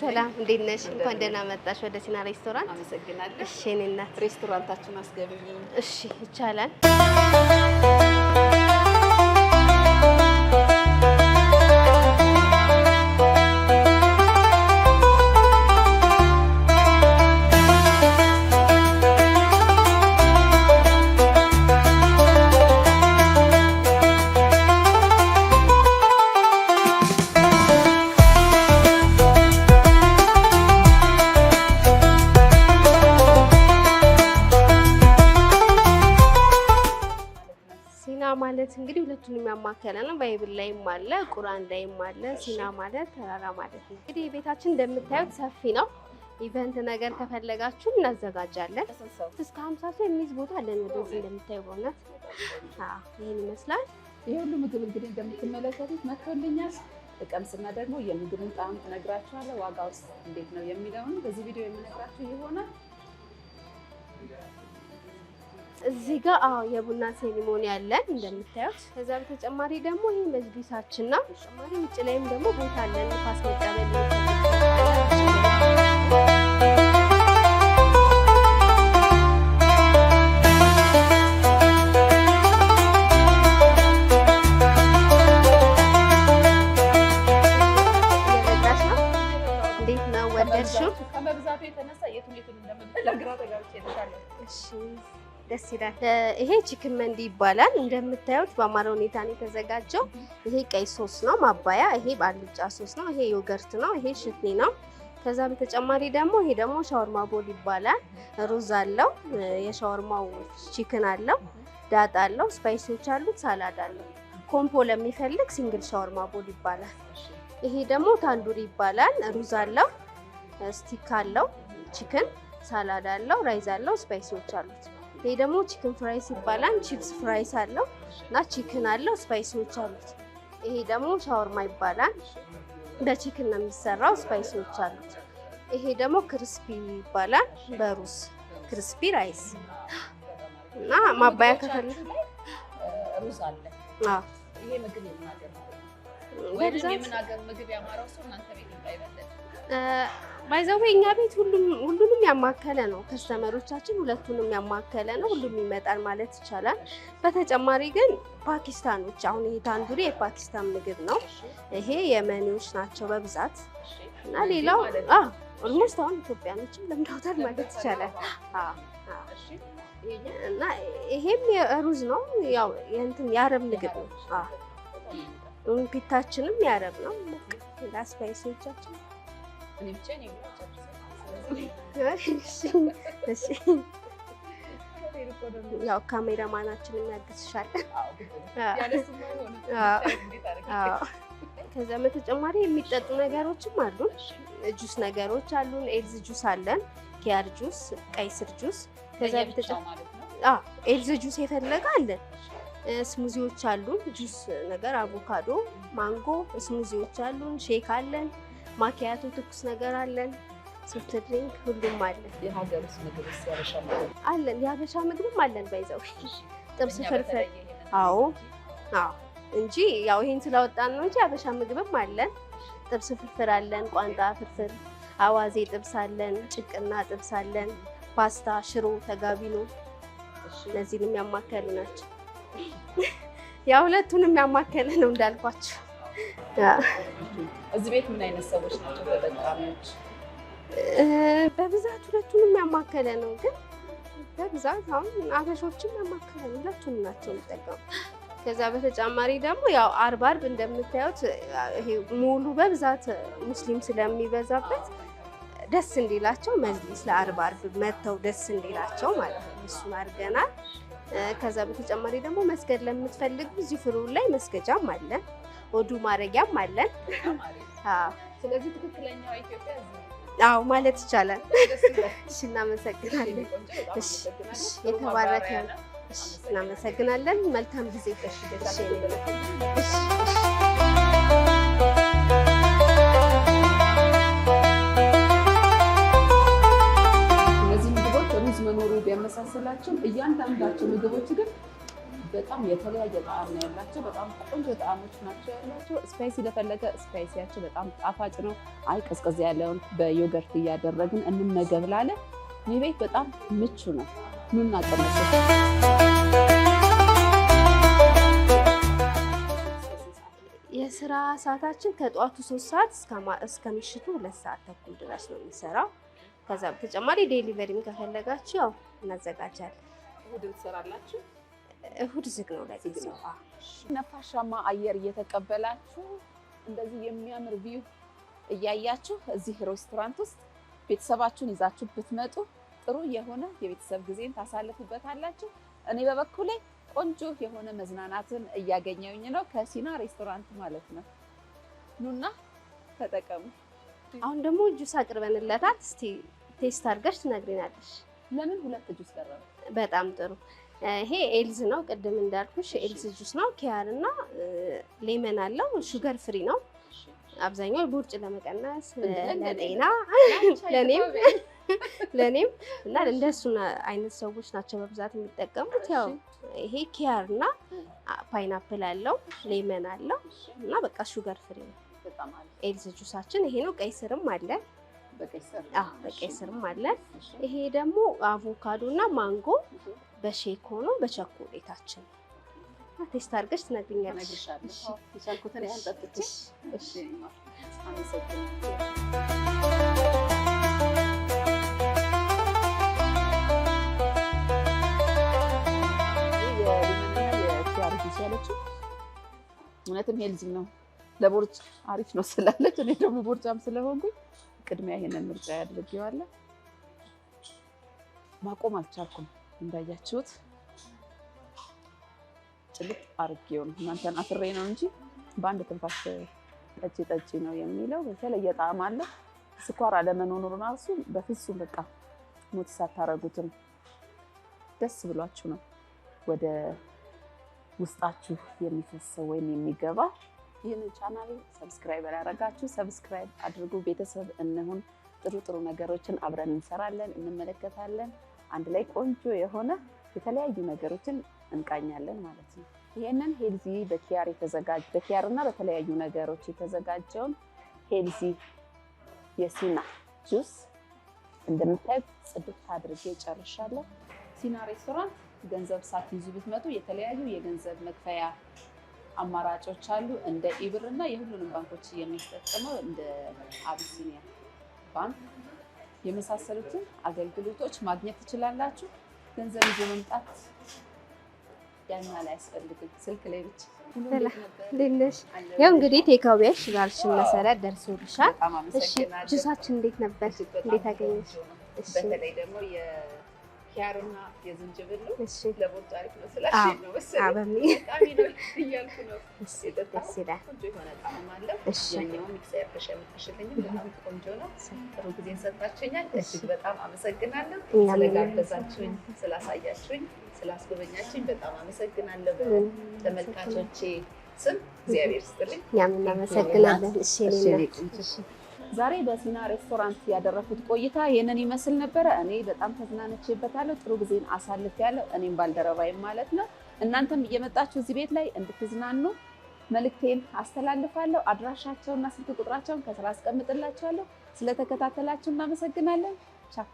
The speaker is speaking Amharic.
ሰላም እንዴት ነሽ? እንኳን ደህና መጣሽ ወደ ሲና ሬስቶራንት። አመሰግናለሁ። እሺ፣ እኔ እናት ሬስቶራንታችን አስገብኝ። እሺ፣ ይቻላል። ማለት እንግዲህ ሁለቱን ያማከለ ነው። ባይብል ላይም አለ፣ ቁርአን ላይም አለ። ሲና ማለት ተራራ ማለት ነው። እንግዲህ ቤታችን እንደምታዩት ሰፊ ነው። ኢቨንት ነገር ከፈለጋችሁ እናዘጋጃለን። እስከ ሀምሳ ሰው የሚይዝ ቦታ አለን። ወደዚህ እንደምታዩ በእውነት ይህን ይመስላል። ይህ ሁሉ ምግብ እንግዲህ እንደምትመለከቱት መጥቶልኛል። ቀምስና ደግሞ የምግብን ጣዕም እነግራችኋለሁ። ዋጋ ውስጥ እንዴት ነው የሚለውን በዚህ ቪዲዮ የምነግራችሁ ይሆናል። እዚህ ጋር አዎ የቡና ሴሪሞኒ አለን እንደምታዩት። ከዛ በተጨማሪ ደግሞ ይህ መጅሊሳችን ነው። ተጨማሪ ውጭ ላይም ደግሞ ቦታ አለን ፋስ መጫበል ደስ ይላል። ይሄ ቺክን መንዲ ይባላል። እንደምታዩት በአማረ ሁኔታ ነው የተዘጋጀው። ይሄ ቀይ ሶስ ነው ማባያ፣ ይሄ ባልጫ ሶስ ነው፣ ይሄ ዮገርት ነው፣ ይሄ ሽትኒ ነው። ከዛ በተጨማሪ ደግሞ ይሄ ደግሞ ሻወርማ ቦል ይባላል። ሩዝ አለው፣ የሻወርማው ቺክን አለው፣ ዳጣ አለው፣ ስፓይሶች አሉት፣ ሳላድ አለው። ኮምፖ ለሚፈልግ ሲንግል ሻወርማ ቦል ይባላል። ይሄ ደግሞ ታንዱሪ ይባላል። ሩዝ አለው፣ ስቲክ አለው ቺክን ሳላድ አለው፣ ራይዝ አለው፣ ስፓይሶች አሉት። ይሄ ደግሞ ቺክን ፍራይስ ይባላል። ቺፕስ ፍራይስ አለው እና ቺክን አለው፣ ስፓይሶች አሉት። ይሄ ደግሞ ሻወርማ ይባላል። በቺክን ነው የሚሰራው፣ ስፓይሶች አሉት። ይሄ ደግሞ ክርስፒ ይባላል። በሩዝ ክርስፒ ራይስ እና ማባያ ከፈለ ሩዝ አለ። ይሄ ምግብ የምናገር ምግብ ያማራው ሰው እናንተ ቤት ይበላል ባይዘዌ እኛ ቤት ሁሉንም ያማከለ ነው። ከስተመሮቻችን ሁለቱንም ያማከለ ነው። ሁሉም ይመጣል ማለት ይቻላል። በተጨማሪ ግን ፓኪስታኖች፣ አሁን ይሄ ታንዱሪ የፓኪስታን ምግብ ነው። ይሄ የመኔዎች ናቸው በብዛት እና ሌላው ኦልሞስት አሁን ኢትዮጵያኖችም ለምደውታል ማለት ይቻላል። እና ይሄም የሩዝ ነው። ያው የእንትን የአረብ ምግብ ነው። ፒታችንም የአረብ ነው። ላስፓይሶቻችን እኔ ብቻ ነኝ። ያው ካሜራ ማናችን የሚያግዝሻል። ከዛ በተጨማሪ የሚጠጡ ነገሮችም አሉ። ጁስ ነገሮች አሉን። ኤልዝ ጁስ አለን፣ ኪያር ጁስ፣ ቀይ ስር ጁስ። ከዛ ኤልዝ ጁስ የፈለገ አለን። ስሙዚዎች አሉን፣ ጁስ ነገር አቮካዶ፣ ማንጎ ስሙዚዎች አሉን። ሼክ አለን። ማኪያቶ፣ ትኩስ ነገር አለን፣ ሶፍት ድሪንክ ሁሉም አለን። የሀገር ውስጥ ምግብ አለን፣ የሀበሻ ምግብም አለን። ባይዘው ጥብስ ፍርፍር። አዎ አዎ፣ እንጂ ያው ይሄን ስላወጣን ነው እንጂ የሀበሻ ምግብም አለን። ጥብስ ፍርፍር አለን፣ ቋንጣ ፍርፍር፣ አዋዜ ጥብስ አለን፣ ጭቅና ጥብስ አለን፣ ፓስታ፣ ሽሮ፣ ተጋቢኖ እነዚህንም ያማከሉ ናቸው። ያ ሁለቱንም ያማከለ ነው እንዳልኳቸው። እዚህ ቤት ምን አይነት ሰዎች ናቸው ተጠቃሚዎች? በብዛት ሁለቱንም ያማከለ ነው፣ ግን በብዛት አሁን አበሾችም ያማከለ ነው። ሁለቱም ናቸው የሚጠቀሙ። ከዛ በተጨማሪ ደግሞ ያው አርብ አርብ እንደምታዩት ይሄ ሙሉ በብዛት ሙስሊም ስለሚበዛበት ደስ እንዲላቸው መዝሊስ ለአርብ አርብ መጥተው ደስ እንዲላቸው ማለት ነው። እሱን አድርገናል። ከዛ በተጨማሪ ደግሞ መስገድ ለምትፈልጉ እዚህ ፍሩ ላይ መስገጃም አለን፣ ወዱ ማረጊያም አለን። ስለዚህ ትክክለኛው ኢትዮጵያ አዎ ማለት ይቻላል። እሺ፣ እናመሰግናለን። እሺ፣ የተባረከ። እሺ፣ እናመሰግናለን። መልካም ጊዜ። እሺ ሁላችሁም እያንዳንዳቸው ምግቦች ግን በጣም የተለያየ ጣዕም ነው ያላቸው። በጣም ቆንጆ ጣዕሞች ናቸው ያላቸው። ስፓይሲ ለፈለገ ስፓይሲያቸው በጣም ጣፋጭ ነው። አይ ቀዝቀዝ ያለውን በዮገርት እያደረግን እንመገብ ላለ ይህ ቤት በጣም ምቹ ነው። ኑና ቀመሱ። የስራ ሰዓታችን ከጠዋቱ ሶስት ሰዓት እስከ ምሽቱ ሁለት ሰዓት ተኩል ድረስ ነው የሚሰራው። ከዛ በተጨማሪ ዴሊቨሪም ከፈለጋችሁ ያው እናዘጋጃለን። እሁድ ትሰራላችሁ? እሁድ ዝግ ነው። ለዚህ ሰው ነፋሻማ አየር እየተቀበላችሁ እንደዚህ የሚያምር ቪው እያያችሁ እዚህ ሬስቶራንት ውስጥ ቤተሰባችሁን ይዛችሁ ብትመጡ ጥሩ የሆነ የቤተሰብ ጊዜን ታሳልፉበታላችሁ። እኔ በበኩሌ ቆንጆ የሆነ መዝናናትን እያገኘሁኝ ነው ከሲና ሬስቶራንት ማለት ነው። ኑና ተጠቀሙ። አሁን ደግሞ ጁስ አቅርበንለታል። እስቲ ቴስት አድርገሽ ትነግሪናለሽ። ለምን ሁለት ጁስ ቀረበ? በጣም ጥሩ። ይሄ ኤልዝ ነው፣ ቅድም እንዳልኩሽ ኤልዝ ጁስ ነው። ኪያር እና ሌመን አለው። ሹገር ፍሪ ነው። አብዛኛው ቦርጭ ለመቀነስ ለጤና፣ ለኔም ለእኔም እና እንደሱ አይነት ሰዎች ናቸው በብዛት የሚጠቀሙት። ያው ይሄ ኪያር እና ፓይናፕል አለው፣ ሌመን አለው እና በቃ ሹገር ፍሪ ነው። ኤልዝ ጁሳችን ይሄ ነው። ቀይ ስርም አለ በቀይ አለ። ይሄ ደግሞ አቮካዶ እና ማንጎ በሼክ ሆኖ በቸኮሌታችን ቴስት አድርገሽ ትነግሪኛለሽ። እውነትም ሄልዚ ነው ለቦርጭ አሪፍ ነው ስላለች እኔ ደግሞ ቦርጫም ስለሆንኩኝ ቅድሚያ ይሄንን ምርጫ ያድርጌዋለሁ። ማቆም አልቻልኩም። እንዳያችሁት ጭልጥ አርጌው ነው። እናንተን አፍሬ ነው እንጂ በአንድ ትንፋሽ ጠጪ ጠጪ ነው የሚለው የተለየ ጣዕም አለ። ስኳር አለመኖኑ እራሱ በፍጹም በቃ ሞት ሳታረጉትም ደስ ብሏችሁ ነው ወደ ውስጣችሁ የሚፈሰው ወይም የሚገባ ይህን ቻናል ሰብስክራይብ ያላረጋችሁ ሰብስክራይብ አድርጉ። ቤተሰብ እንሁን። ጥሩ ጥሩ ነገሮችን አብረን እንሰራለን፣ እንመለከታለን። አንድ ላይ ቆንጆ የሆነ የተለያዩ ነገሮችን እንቃኛለን ማለት ነው። ይህንን ሄልዚ በኪያር የተዘጋጀ በኪያር እና በተለያዩ ነገሮች የተዘጋጀውን ሄልዚ የሲና ጁስ እንደምታዩት ጽድት አድርጌ ጨርሻለሁ። ሲና ሬስቶራንት ገንዘብ ሳትይዙ ብትመጡ የተለያዩ የገንዘብ መክፈያ አማራጮች አሉ። እንደ ኢብር እና የሁሉንም ባንኮች የሚጠቀመው እንደ አቢሲኒያ ባንክ የመሳሰሉትን አገልግሎቶች ማግኘት ትችላላችሁ። ገንዘብ ይዞ መምጣት ያን ላይ አያስፈልግም። ስልክ ላይ ብቻ ያው እንግዲህ ቴካዊያሽ ባልሽን መሰረት ደርሶልሻል። እሺ ጁሳችን እንዴት ነበር? እንዴት አገኘሽ? በተለይ ደግሞ ኪያሩና የዝንጅብል ነው። ለቦርጫ አሪፍ ነው ስላልሽኝ ነው መሰለኝ። በጣም ነው እያልኩ ነው። ደስ ይላል። ቆንጆ የሆነ ጣዕም አለው። ያኛውም ሚክስ ያፈሻ የምታሽልኝም በጣም ቆንጆ ነው። ጥሩ ጊዜን ሰጣችኛል። እጅግ በጣም አመሰግናለሁ። ስለጋበዛችሁኝ፣ ስላሳያችሁኝ፣ ስላስጎበኛችሁኝ በጣም አመሰግናለሁ። ተመልካቾቼ ስም እግዚአብሔር ይስጥልኝ። ያምን እናመሰግናለን። እሺ ዛሬ በሲና ሬስቶራንት ያደረኩት ቆይታ ይህንን ይመስል ነበረ። እኔ በጣም ተዝናነችበታለሁ። ጥሩ ጊዜን አሳልፌያለሁ፣ እኔም ባልደረባይም ማለት ነው። እናንተም እየመጣችሁ እዚህ ቤት ላይ እንድትዝናኑ መልክቴን አስተላልፋለሁ። አድራሻቸውና ስልክ ቁጥራቸውን ከስራ ስለተከታተላችሁ እናመሰግናለን። ቻው